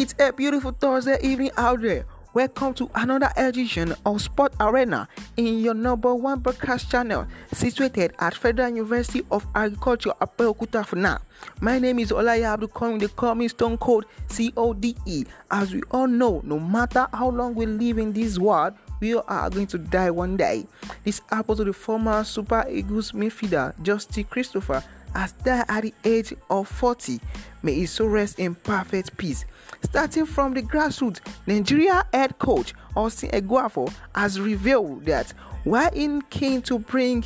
It's a beautiful Thursday evening out there. Welcome to another edition of Sport Arena in your number one broadcast channel, situated at Federal University of Agriculture, Abeokuta FUNA. My name is Olaya Abdul Karim, the coming Stone Code CODE. As we all know, no matter how long we live in this world, we are going to die one day. This happened to the former Super Eagles midfielder Justin Christopher has died at the age of 40. May his soul rest in perfect peace. Starting from the grassroots, Nigeria head coach Austin Eguafo has revealed that while in keen to bring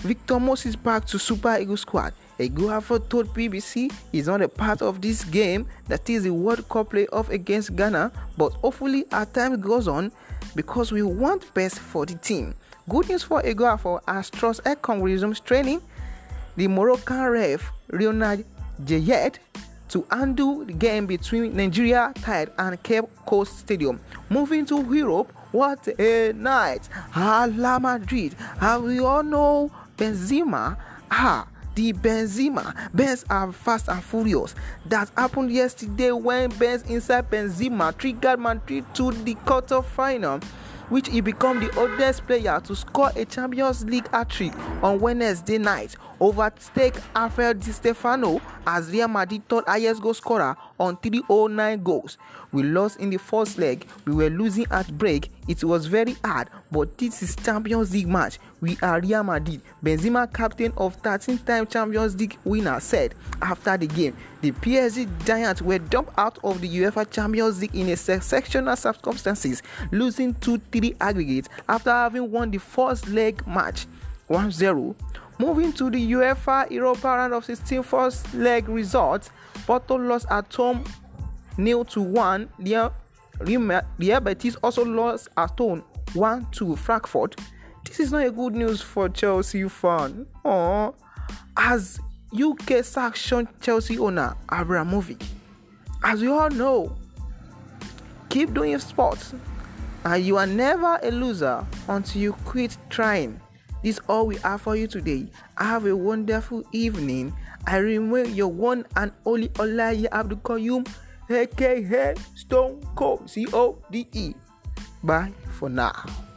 Victor Moses back to Super Eagles squad, Eguafo told BBC he's not a part of this game that is the World Cup playoff against Ghana, but hopefully our time goes on because we want best for the team. Good news for Eguafo as Trust Econ resumes training the Moroccan ref Ronald Jayed to undo the game between Nigeria tied and Cape Coast Stadium. Moving to Europe, what a night! La Madrid, as we all know, Benzema, ah, the Benzema. Benz are fast and furious. That happened yesterday when Benz inside Benzema triggered Madrid to the quarter final which he became the oldest player to score a Champions League hat-trick on Wednesday night, overtake Rafael Di Stefano as Real Madrid third highest goal scorer on 309 goals. We lost in the first leg. We were losing at break It was very hard, but this is Champions League match. We are Real Madrid. Benzema, captain of 13-time Champions League winner, said after the game, the PSG Giants were dumped out of the UEFA Champions League in a exceptional circumstances, losing 2-3 aggregate after having won the first leg match 1-0. Moving to the UEFA Europa round of 16 first leg results, Porto lost at home 0 1. Real Betis also lost at home 1 to Frankfurt. This is not a good news for Chelsea fan. Aww. Oh, as UK sanctioned Chelsea owner Abramovic. As we all know, keep doing sports and you are never a loser until you quit trying. This is all we have for you today. Have a wonderful evening. I remain your one and only Olaya Abdul Koyum. H Stone Cold C-O-D-E. Bye for now.